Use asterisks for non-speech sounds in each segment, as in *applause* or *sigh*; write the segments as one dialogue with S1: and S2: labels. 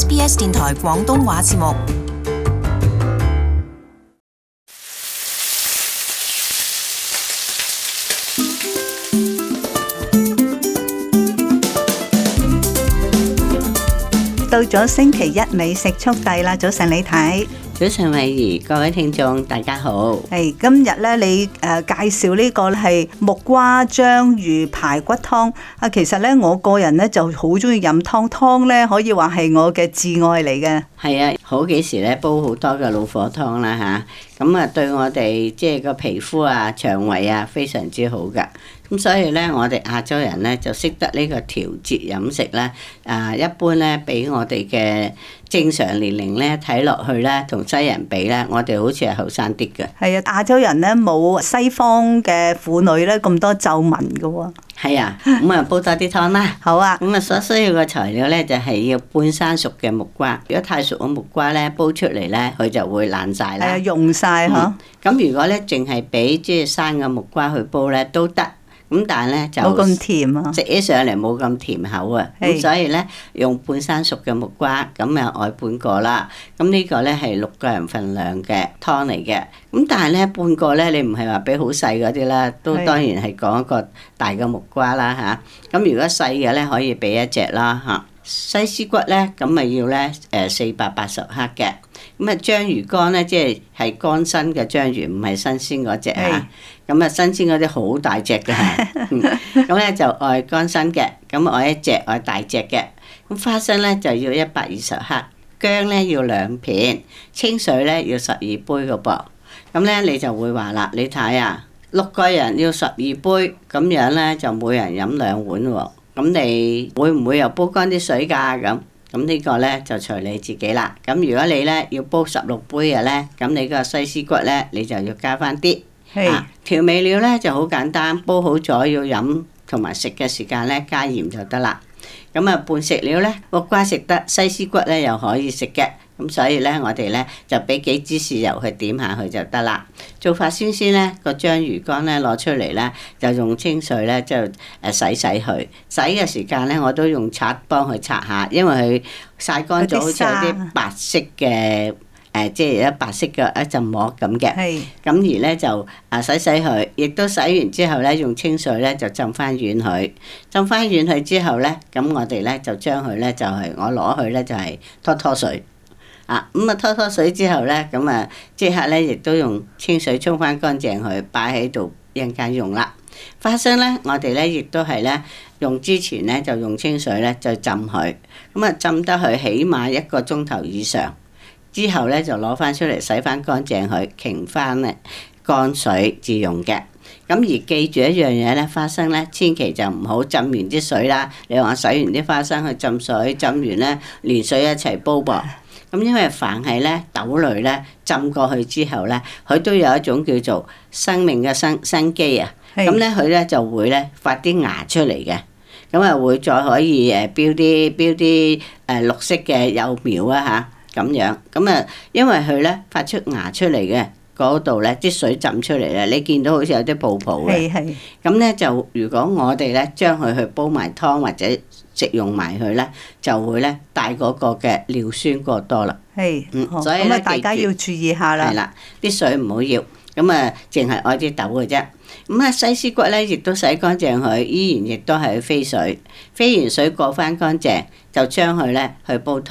S1: SBS 電台廣東話節目。到咗星期一，美食速遞啦！早晨，你睇。早晨，慧儀，各位聽眾，大家好。係、hey, 今日咧，你誒介紹呢個係木瓜章魚排骨湯啊！其實咧，我個人咧就好鍾意飲湯，湯咧可以話係我嘅至愛嚟嘅。係啊，好幾時咧煲好多嘅老火湯啦吓，咁啊對我哋即係個皮膚啊、腸胃啊非常之好㗎。咁所以咧，我哋亞洲人咧就識得呢個調節飲食咧。誒，一般咧比我哋嘅正常年齡咧睇落去咧，同西人比咧，我哋好似係後生啲嘅。係啊，亞洲人咧冇西方嘅婦女咧咁多皺紋㗎喎。係啊，咁啊煲多啲湯啦。好啊，咁啊所需要嘅材料咧就係要半生熟嘅木瓜。如果太熟嘅木瓜咧，煲出嚟咧佢就會爛晒啦。係、嗯、啊，溶曬嚇。咁如果咧淨係俾即係生嘅木瓜去煲咧都得，咁但係咧就冇咁甜咯，食、啊、起上嚟冇咁甜口啊，咁是所以咧用半生熟嘅木瓜，咁啊外半個啦。咁呢個咧係六個人份量嘅湯嚟嘅。咁但係咧半個咧，你唔係話俾好細嗰啲啦，都當然係講一個大嘅木瓜啦吓，咁是、啊、如果細嘅咧，可以俾一隻啦吓。啊西施骨咧，咁咪要咧，誒四百八十克嘅。咁啊，章魚乾咧，即係係乾身嘅章魚，唔係新鮮嗰隻嚇。咁啊是，新鮮嗰啲好大隻嘅。咁咧、 *laughs* 嗯、就愛乾身嘅，咁愛一隻愛大隻嘅。咁花生咧就要一百二十克，薑咧要兩片，清水咧要十二杯嘅噃。咁咧你就會話啦，你睇啊，六個人要十二杯，咁樣咧就每人飲兩碗喎、哦。咁你會唔會又煲乾啲水㗎？咁咁呢個呢，就隨你自己啦。咁如果你呢要煲十六杯嘅呢，咁你個西施骨呢，你就要加翻啲 Hey. 啊調味料呢，就好簡單，煲好咗要飲同埋食嘅時間呢，加鹽就得啦。咁啊、嗯，半食料咧，木瓜食得，西施骨咧又可以食嘅，咁所以咧，我哋咧就俾幾枝豉油去點下去就得啦。做法先先咧，個章魚乾咧攞出嚟咧，就用清水咧就誒洗洗佢。洗嘅時間咧我都用刷幫佢刷下，因為佢晒乾咗好似有啲白色嘅。誒，即係一白色嘅一陣膜咁嘅是，咁而咧就啊洗洗佢，亦都洗完之後咧，用清水咧就浸翻軟佢，浸翻軟佢之後咧，咁我哋咧就將佢咧就係、是、我攞佢咧就係、是、拖拖水，啊咁啊拖拖水之後咧，咁啊即刻咧亦都用清水沖翻乾淨佢，擺喺度一陣間用啦。花生咧，我哋咧亦都係咧用之前咧就用清水咧再浸佢，咁啊浸得佢起碼一個鐘頭以上。之後咧就攞翻出嚟洗翻乾淨佢，傾翻咧乾水至用嘅。咁而記住一樣嘢咧，花生咧千祈就唔好浸完啲水啦。你話洗完啲花生去浸水，浸完咧連水一齊煲噃。咁因為凡係咧豆類咧浸過去之後咧，佢都有一種叫做生命嘅生生機啊。咁咧佢咧就會咧發啲芽出嚟嘅，咁啊會再可以誒標啲標啲誒綠色嘅幼苗啊嚇。咁樣，咁啊，因為佢咧發出芽出嚟嘅嗰度咧，啲水浸出嚟啦，你見到好似有啲泡泡嘅。係係是是。咁咧就，如果我哋咧將佢去煲埋湯或者食用埋佢咧，就會咧帶嗰個嘅尿酸過多啦。係，是是 嗯，好所以呢大家要注意下啦。係啦，啲水唔好要，要。咁啊，淨係愛啲豆嘅啫。咁啊，西施骨咧，亦都洗乾淨佢，依然亦都係飛水，飛完水過翻乾淨，就將佢咧去煲湯。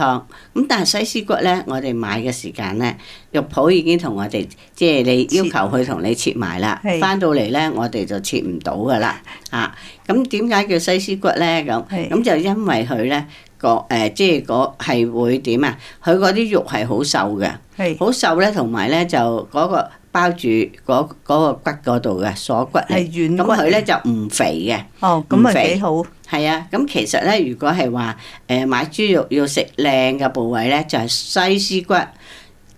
S1: 咁但係西施骨咧，我哋買嘅時間咧，肉鋪已經同我哋即係你要求佢同你切埋啦。翻切到嚟咧，我哋就切唔到㗎喇。是啊，咁點解叫西施骨咧？咁咁是就因為佢咧個誒，即係個係會點啊？佢嗰啲肉係好瘦嘅，好瘦咧，同埋咧就嗰個。呃就是是包住嗰個骨嗰度嘅鎖骨係軟嘅，咁佢咧就唔肥嘅。哦，咁啊幾好。係啊、嗯，咁其實咧，如果係話誒買豬肉要食靚嘅部位咧，就係、是、西施骨，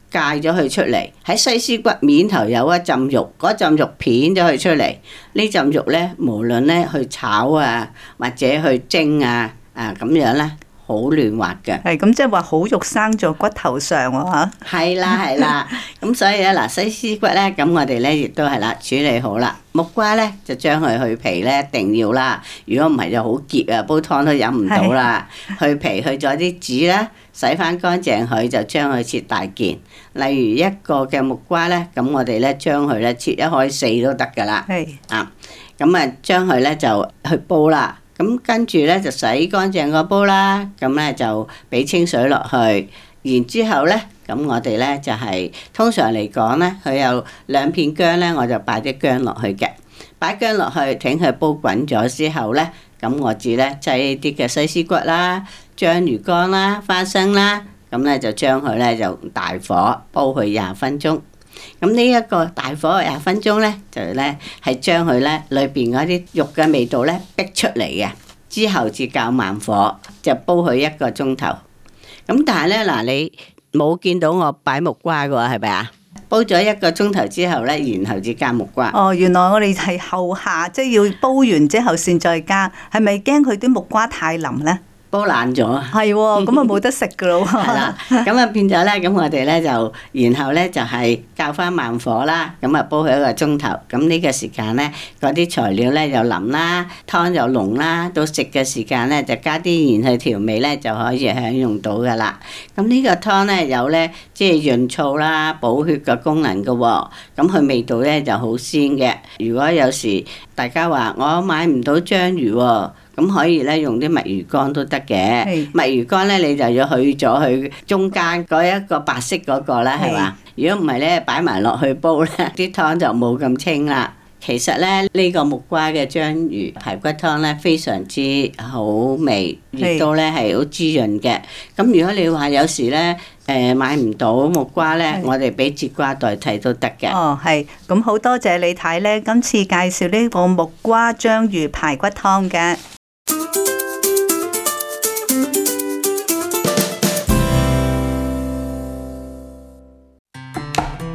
S1: 戒咗佢出嚟。喺西施骨面頭有一浸肉，嗰浸肉片咗佢出嚟，呢浸肉咧無論咧去炒啊，或者去蒸啊，啊咁樣咧。好嫩滑嘅，係咁即係話好肉生咗骨頭上喎嚇。係啦係啦，咁所以咧嗱，西施骨咧，咁我哋咧亦都係啦處理好啦。木瓜咧就將佢去皮咧一定要啦，如果唔係就好澀啊，煲湯都飲唔到啦。去皮去咗啲籽啦，洗翻乾淨佢就將佢切大件。例如一個嘅木瓜咧，咁我哋咧將佢咧切一開四都得噶啦。係啊，咁啊將佢咧就去煲啦。咁跟住咧就洗乾淨個煲啦，咁咧就俾清水落去，然之後咧，咁我哋咧就係、是、通常嚟講咧，佢有兩片薑咧，我就擺啲薑落去嘅，擺薑落去，等佢煲滾咗之後咧，咁我住咧就係啲嘅西施骨啦、章魚乾啦、花生啦，咁咧就將佢咧就大火煲佢廿分鐘。咁呢一個大火廿分鐘咧，就咧係將佢咧裏邊嗰啲肉嘅味道咧逼出嚟嘅，之後至較慢火就煲佢一個鐘頭。咁但係咧嗱，你冇見到我擺木瓜㗎喎，係咪啊？煲咗一個鐘頭之後咧，然後至加木瓜。哦，原來我哋係後下，即係要煲完之後先再加，係咪驚佢啲木瓜太腍咧？煲爛咗啊！係喎， *laughs* 咁啊冇得食噶咯喎！係啦，咁啊變咗咧，咁我哋咧就，然後咧就係教翻慢火啦，咁啊煲佢一個鐘頭，咁呢個時間咧，嗰啲材料咧又腍啦，湯又濃啦，到食嘅時間咧就加啲鹽去調味咧就可以享用到噶啦。咁呢個湯咧有咧，即係潤燥啦、補血嘅功能噶喎。咁佢味道咧就好鮮嘅。如果有時大家話我買唔到章魚喎。咁可以咧，用啲墨魚乾都得嘅。墨是魚乾咧，你就要去咗佢中間嗰一個白色嗰、那個啦，係嘛？如果唔係咧，擺埋落去煲咧，啲湯就冇咁清啦。其實咧，呢、這個木瓜嘅章魚排骨湯咧，非常之好味，亦是都咧係好滋潤嘅。咁如果你話有時咧，誒買唔到木瓜咧，是我哋俾節瓜代替都得嘅。哦，係。咁好多謝你睇咧，今次介紹呢個木瓜章魚排骨湯嘅。